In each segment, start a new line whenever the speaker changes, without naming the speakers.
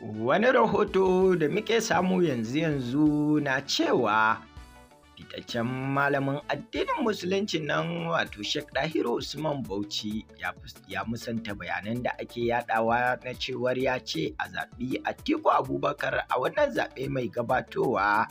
Wani rahoto da muke samu yanzu-yanzu na cewa fitaccen malamin addinin musulunci nan wato Sheikh Dahiru Usman Bauchi ya musanta bayanan da ake yadawa na cewar ya ce a zaɓi Atiku Abubakar a wannan zaɓe mai gabatowa.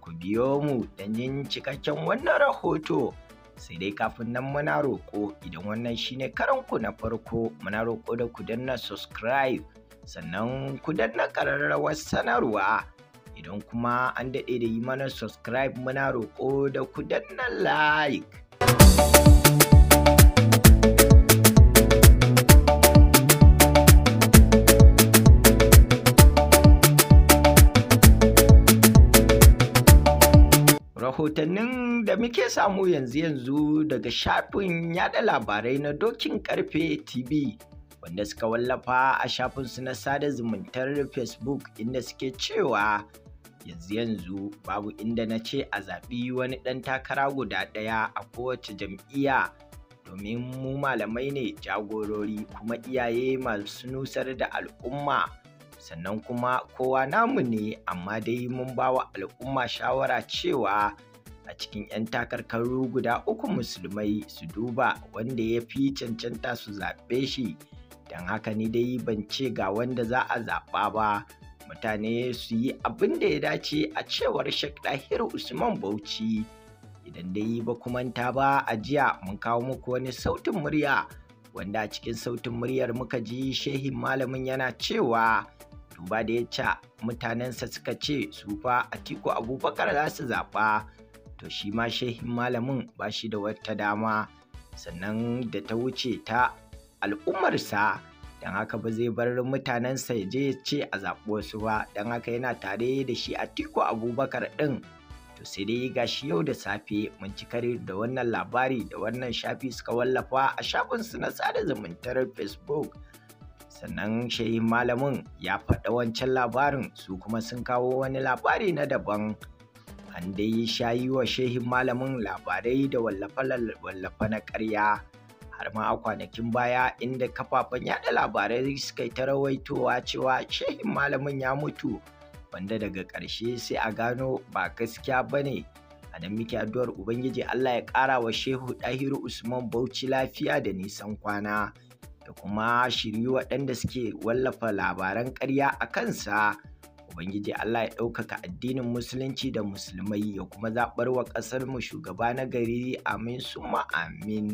Ku biyo mu don yin cikakken wannan rahoto. sai dai kafin nan muna roƙo idan wannan shine karanku na farko muna roƙo da ku danna subscribe sannan ku danna kararrawar sanarwa idan kuma an daɗe da yi mana subscribe muna roƙo da ku danna like rahotannin da muke samu yanzu yanzu daga shafin yada labarai na dokin karfe tv wanda suka wallafa a shafin su na sada zumuntar facebook inda suke cewa yanzu yanzu babu inda na ce a zaɓi wani ɗan takara guda ɗaya a kowace jam'iyya domin mu malamai ne jagorori kuma iyaye masu nusar da al'umma sannan kuma kowa namu ne amma dai mun ba wa al'umma shawara cewa a cikin 'yan takarkaru guda uku musulmai su duba wanda ya fi cancanta su zaɓe shi don haka ni dai ban ce ga wanda za a zaɓa ba mutane su yi abin da ya dace a cewar shek Dahir Usman Bauchi idan dai ba manta ba a jiya mun kawo muku wani sautin murya wanda a cikin sautin muryar muka ji shehin malamin yana cewa duba da ya ca mutanensa suka ce su fa Atiku Abubakar za su zaɓa to shi ma shehin malamin ba shi da wata dama sannan da ta wuce ta al'ummarsa don haka ba zai bar mutanensa ya je ce a zaɓi wasu ba don haka yana tare da shi a tiko abubakar ɗin to sai dai ga shi yau da safe mun ci kare da wannan labari da wannan shafi suka wallafa a shafinsu na sada zumuntar facebook sannan shi malamin ya faɗa wancan labarin su kuma sun kawo wani labari na daban an dai shayi wa shehin malamin labarai da wallafa na karya. har ma a kwanakin baya inda kafafen yaɗa labarai suka yi ta rawaitowa cewa shehin malamin ya mutu wanda daga ƙarshe sai a gano ba gaskiya ba ne a nan muke addu'ar ubangiji allah ya ƙara wa shehu ɗahiru usman bauchi lafiya da nisan kwana da kuma shirye waɗanda suke wallafa labaran ƙarya a kansa ubangiji allah ya ɗaukaka addinin musulunci da musulmai ya kuma zaɓar wa ƙasarmu shugaba na gari amin suma amin